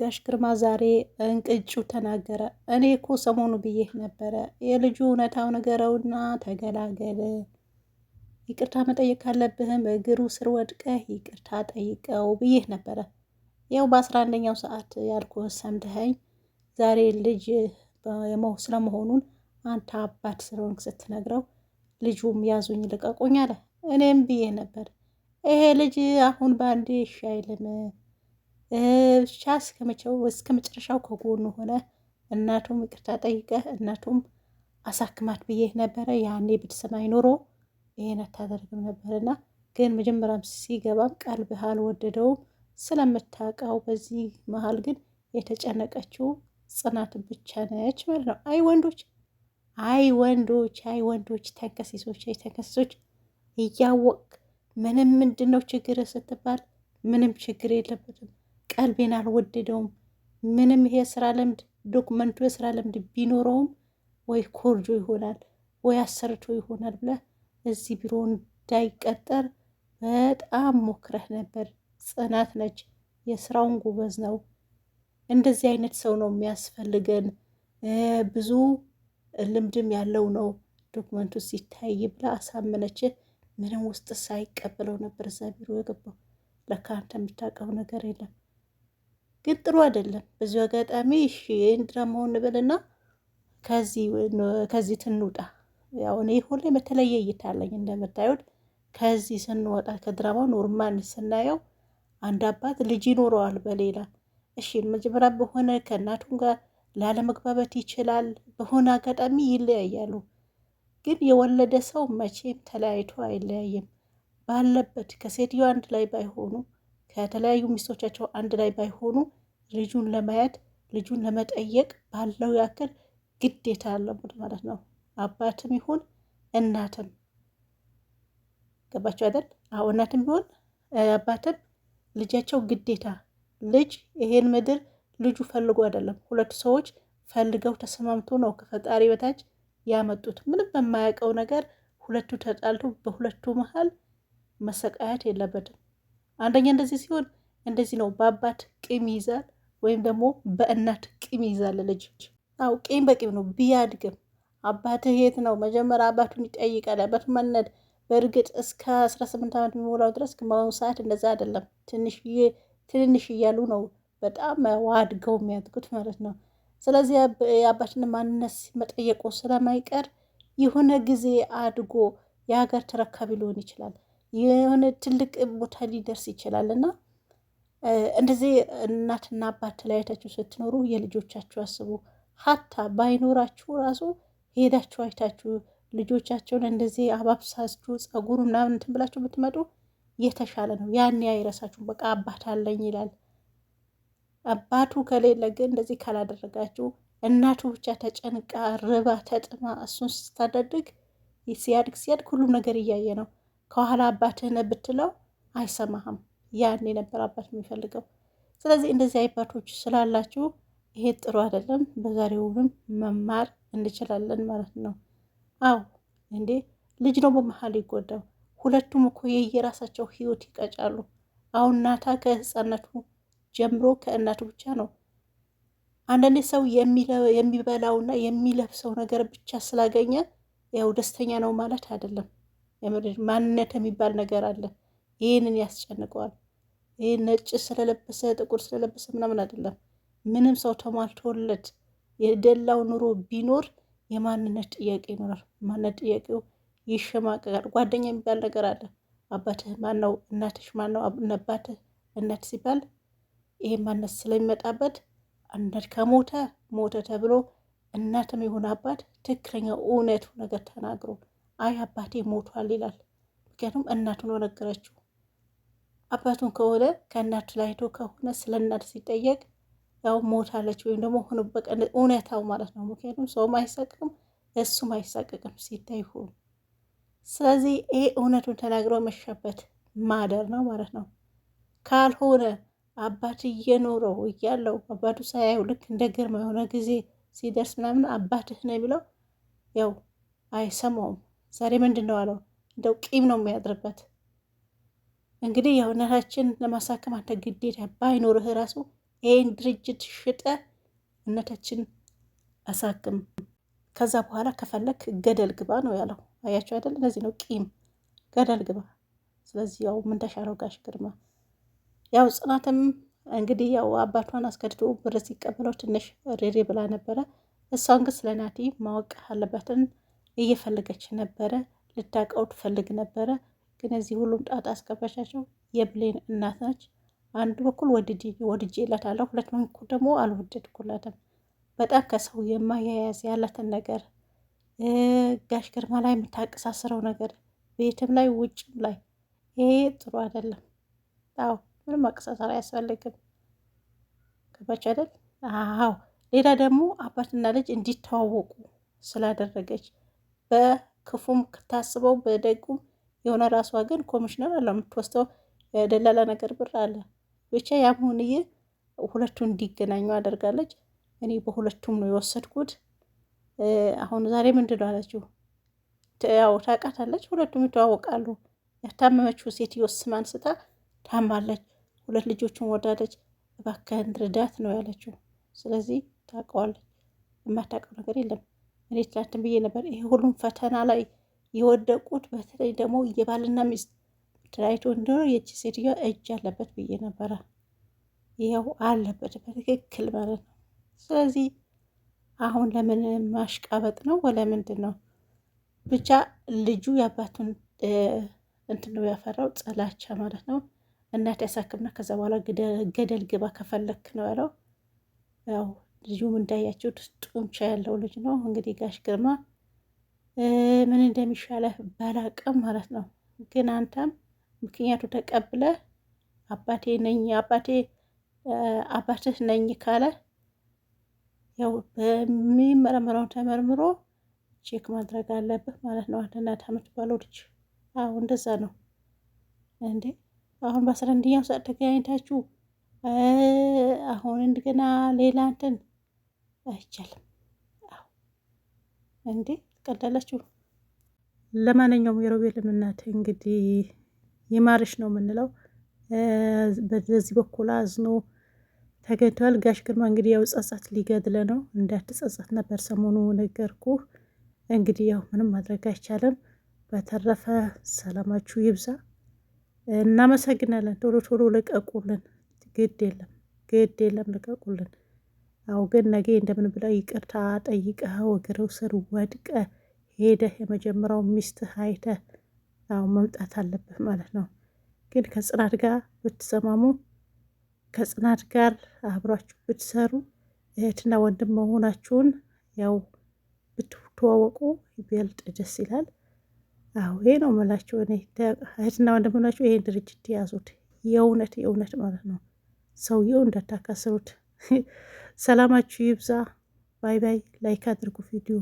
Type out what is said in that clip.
ጋሽ ግርማ ዛሬ እንቅጩ ተናገረ። እኔ እኮ ሰሞኑ ብዬህ ነበረ የልጁ እውነታው ነገረውና ተገላገለ። ይቅርታ መጠየቅ ካለብህም እግሩ ስር ወድቀህ ይቅርታ ጠይቀው ብዬህ ነበረ። ያው በአስራ አንደኛው ሰዓት ያልኩህ ሰምተኸኝ ዛሬ ልጅ ስለመሆኑን አንተ አባት ስለሆንክ ስትነግረው ልጁም ያዙኝ ልቀቁኝ አለ። እኔም ብዬ ነበር ይሄ ልጅ አሁን በአንዴ ይሻይልም ብቻ እስከመቼው እስከ መጨረሻው ከጎኑ ሆነ። እናቱም ይቅርታ ጠይቀ እናቱም አሳክማት ብዬ ነበረ። ያኔ ብትሰማኝ ኖሮ ይሄን አታደርግም ነበርና ግን መጀመሪያም ሲገባም ቀልብህ አልወደደውም ስለምታውቀው። በዚህ መሀል ግን የተጨነቀችው ጽናት ብቻ ነች ማለት ነው። አይ ወንዶች፣ አይ ወንዶች፣ አይ ወንዶች፣ ተንከሲሶች፣ አይ ተንከሲሶች እያወቅ ምንም ምንድን ነው ችግር ስትባል ምንም ችግር የለበትም ቀልቤን አልወደደውም። ምንም ይሄ ስራ ልምድ ዶክመንቱ የስራ ልምድ ቢኖረውም ወይ ኮርጆ ይሆናል ወይ አሰርቶ ይሆናል ብለህ እዚህ ቢሮ እንዳይቀጠር በጣም ሞክረህ ነበር። ጽናት ነች፣ የስራውን ጎበዝ ነው። እንደዚህ አይነት ሰው ነው የሚያስፈልገን፣ ብዙ ልምድም ያለው ነው፣ ዶክመንቱ ሲታይ ብላ አሳምነች ምንም ውስጥ ሳይቀበለው ነበር እዛ ቢሮ የገባው። ለካ አንተ የምታውቀው ነገር የለም። ግን ጥሩ አይደለም። ብዙ አጋጣሚ እሺ ይህን ድራማ እንበልና ከዚህ ትንውጣ። ያው እኔ ሁሌ በተለየ እይታ አለኝ። እንደምታዩት ከዚህ ስንወጣ ከድራማው ኖርማል ስናየው አንድ አባት ልጅ ይኖረዋል በሌላ እሺ መጀመሪያ በሆነ ከእናቱም ጋር ላለመግባባት ይችላል። በሆነ አጋጣሚ ይለያያሉ። ግን የወለደ ሰው መቼም ተለያይቶ አይለያይም። ባለበት ከሴትዮ አንድ ላይ ባይሆኑ ከተለያዩ ሚስቶቻቸው አንድ ላይ ባይሆኑ ልጁን ለማየት ልጁን ለመጠየቅ ባለው ያክል ግዴታ ያለቡት ማለት ነው። አባትም ይሁን እናትም ገባቸው አይደል? አዎ እናትም ቢሆን አባትም ልጃቸው ግዴታ ልጅ ይሄን ምድር ልጁ ፈልጎ አይደለም፣ ሁለቱ ሰዎች ፈልገው ተስማምቶ ነው ከፈጣሪ በታች ያመጡት። ምንም በማያውቀው ነገር ሁለቱ ተጣልቶ በሁለቱ መሀል መሰቃየት የለበትም። አንደኛ እንደዚህ ሲሆን እንደዚህ ነው። በአባት ቂም ይይዛል ወይም ደግሞ በእናት ቂም ይይዛል ልጆች አዎ ቂም በቂም ነው። ቢያድግም አባትህ የት ነው መጀመሪያ አባቱን ይጠይቃል። አባቱ ማንነት በእርግጥ እስከ አስራ ስምንት ዓመት የሚሞላው ድረስ በአሁኑ ሰዓት እንደዛ አይደለም። ትንንሽ እያሉ ነው በጣም አድገው የሚያድጉት ማለት ነው። ስለዚህ የአባትን ማንነት መጠየቁ ስለማይቀር የሆነ ጊዜ አድጎ የሀገር ተረካቢ ሊሆን ይችላል። የሆነ ትልቅ ቦታ ሊደርስ ይችላል እና እንደዚህ እናትና አባት ተለያይታችሁ ስትኖሩ የልጆቻችሁ አስቡ። ሀታ ባይኖራችሁ ራሱ ሄዳችሁ አይታችሁ ልጆቻቸውን እንደዚህ አባብሳችሁ ጸጉሩ ምናምን እንትን ብላችሁ ብትመጡ የተሻለ ነው። ያኔ አይረሳችሁም። በቃ አባት አለኝ ይላል። አባቱ ከሌለ ግን እንደዚህ ካላደረጋችሁ እናቱ ብቻ ተጨንቃ ርባ ተጥማ እሱን ስታደድግ ሲያድግ ሲያድግ ሁሉም ነገር እያየ ነው። ከኋላ አባትህ ነህ ብትለው አይሰማህም። ያን የነበር አባት የሚፈልገው። ስለዚህ እንደዚህ አባቶች ስላላችሁ ይሄ ጥሩ አይደለም። በዛሬውንም መማር እንችላለን ማለት ነው። አዎ እንዴ ልጅ ነው በመሀል ይጎዳው። ሁለቱም እኮ የየራሳቸው ህይወት ይቀጫሉ። አሁን ናታ ከህፃነቱ ጀምሮ ከእናቱ ብቻ ነው። አንዳንድ ሰው የሚበላውና የሚለብሰው ነገር ብቻ ስላገኘ ያው ደስተኛ ነው ማለት አይደለም። ማንነት የሚባል ነገር አለ። ይህንን ያስጨንቀዋል። ይህ ነጭ ስለለበሰ ጥቁር ስለለበሰ ምናምን አይደለም። ምንም ሰው ተሟልቶለት የደላው ኑሮ ቢኖር የማንነት ጥያቄ ይኖራል። ማንነት ጥያቄው ይሸማቀቃል። ጓደኛ የሚባል ነገር አለ። አባትህ ማነው? እናትሽ ማነው? አባትህ እናት ሲባል ይሄ ማንነት ስለሚመጣበት እናት ከሞተ ሞተ ተብሎ እናትም የሆነ አባት ትክክለኛ እውነቱ ነገር ተናግሮ አይ አባቴ ሞቷል ይላል። ምክንያቱም እናቱ ነው ነገረችው። አባቱን ከሆነ ከእናቱ ላይ ሄዶ ከሆነ ስለ እናት ሲጠየቅ ያው ሞታለች ወይም ደግሞ ሆኖ እውነታው ማለት ነው። ምክንያቱም ሰውም አይሳቅቅም እሱም አይሳቅቅም ሲታይ ሆኑ። ስለዚህ ይሄ እውነቱን ተናግሮ መሸበት ማደር ነው ማለት ነው። ካልሆነ አባት እየኖረው እያለው አባቱ ሳያዩ ልክ እንደ ግርማ የሆነ ጊዜ ሲደርስ ምናምን አባትህ ነው የሚለው ያው አይሰማውም። ዛሬ ምንድን ነው አለው። እንደው ቂም ነው የሚያድርበት። እንግዲህ የእውነታችን ለማሳከም አንተ ግዴታ ባይኖርህ ራሱ ይህን ድርጅት ሽጠ እውነታችን አሳክም፣ ከዛ በኋላ ከፈለክ ገደል ግባ ነው ያለው። አያቸው አይደል? እነዚህ ነው ቂም፣ ገደል ግባ። ስለዚህ ያው ምን ተሻለው ጋሽ ግርማ? ያው ጽናትም እንግዲህ ያው አባቷን አስገድዶ ብር ሲቀበለው ትንሽ ሬሬ ብላ ነበረ። እሷን ግን ስለ ናቲ ማወቅ አለበትን እየፈለገች ነበረ፣ ልታውቀው ትፈልግ ነበረ። ግን እዚህ ሁሉም ጣጣ አስገባቻቸው። የብሌን እናት ናች። አንድ በኩል ወድጄ እላታለሁ፣ ሁለት በኩል ደግሞ አልወደድኩላትም። በጣም ከሰው የማያያዝ ያላትን ነገር ጋሽ ግርማ ላይ የምታቀሳስረው ነገር ቤትም ላይ ውጭም ላይ ይሄ ጥሩ አይደለም። አዎ ምንም አቀሳሰር አያስፈልግም። ገባች አይደል? አዎ ሌላ ደግሞ አባትና ልጅ እንዲተዋወቁ ስላደረገች በክፉም ክታስበው በደጉም የሆነ ራሷ ግን ኮሚሽነር አለ የምትወስደው ደላላ ነገር ብር አለ ብቻ ያም ሆንዬ ሁለቱ እንዲገናኙ አደርጋለች። እኔ በሁለቱም ነው የወሰድኩት። አሁን ዛሬ ምንድን ነው አለችው። ያው ታውቃታለች፣ ሁለቱም ይተዋወቃሉ። ያታመመችው ሴትዮ ስም አንስታ ታማለች፣ ሁለት ልጆችን ወዳለች፣ እባክህን ርዳት ነው ያለችው። ስለዚህ ታውቀዋለች፣ የማታውቀው ነገር የለም። እኔ ትላንትን ብዬ ነበር ይሄ ሁሉም ፈተና ላይ የወደቁት በተለይ ደግሞ የባልና ሚስት ትላይቶ እንደሆነ የቺ ሴትዮዋ እጅ ያለበት ብዬ ነበረ። ይኸው አለበት በትክክል ማለት ነው። ስለዚህ አሁን ለምን ማሽቃበጥ ነው ወለምንድን ነው? ብቻ ልጁ የአባቱን እንትን ነው ያፈራው ጥላቻ ማለት ነው። እናት ያሳክምና ከዛ በኋላ ገደል ግባ ከፈለክ ነው ያለው ያው ልጁም እንዳያችሁት ጡንቻ ያለው ልጅ ነው። እንግዲህ ጋሽ ግርማ ምን እንደሚሻለህ ባላቅም ማለት ነው። ግን አንተም ምክንያቱ ተቀብለ አባቴ ነኝ አባቴ አባትህ ነኝ ካለ ያው በሚመረመረው ተመርምሮ ቼክ ማድረግ አለብህ ማለት ነው። አንድነት አመት ባለው ልጅ አሁ እንደዛ ነው እንዴ። አሁን በአስራ አንደኛው ሰዓት ተገናኝታችሁ አሁን እንደገና ሌላ እንትን አይቻልም። አዎ እንዴ ቀላላችሁ። ለማንኛውም የሮቤልም እናት እንግዲህ ይማርሽ ነው የምንለው። በዚህ በኩል አዝኖ ተገኝተዋል። ጋሽ ግርማ እንግዲህ ያው ጸጸት ሊገድለ ነው። እንዳትጸጸት ነበር ሰሞኑ ነገርኩ። እንግዲህ ያው ምንም ማድረግ አይቻልም። በተረፈ ሰላማችሁ ይብዛ። እናመሰግናለን። ቶሎ ቶሎ ልቀቁልን። ግድ የለም ግድ የለም ልቀቁልን። አው ግን ነገ እንደምን ብለው ይቅርታ ጠይቀኸው እግር ስር ወድቀ ሄደህ የመጀመሪያው ሚስትህ አይተህ አው መምጣት አለብህ ማለት ነው። ግን ከጽናት ጋር ብትሰማሙ ከጽናት ጋር አብራችሁ ብትሰሩ እህትና ወንድም መሆናችሁን ያው ብትተዋወቁ ይበልጥ ደስ ይላል። አዎ ይሄ ነው የምላችሁ። እኔ እህትና ወንድም ሆናችሁ ይሄን ድርጅት የያዙት የእውነት የእውነት ማለት ነው። ሰውየው እንዳታካስሩት። ሰላማችሁ ይብዛ። ባይ ባይ። ላይክ አድርጉ ቪዲዮ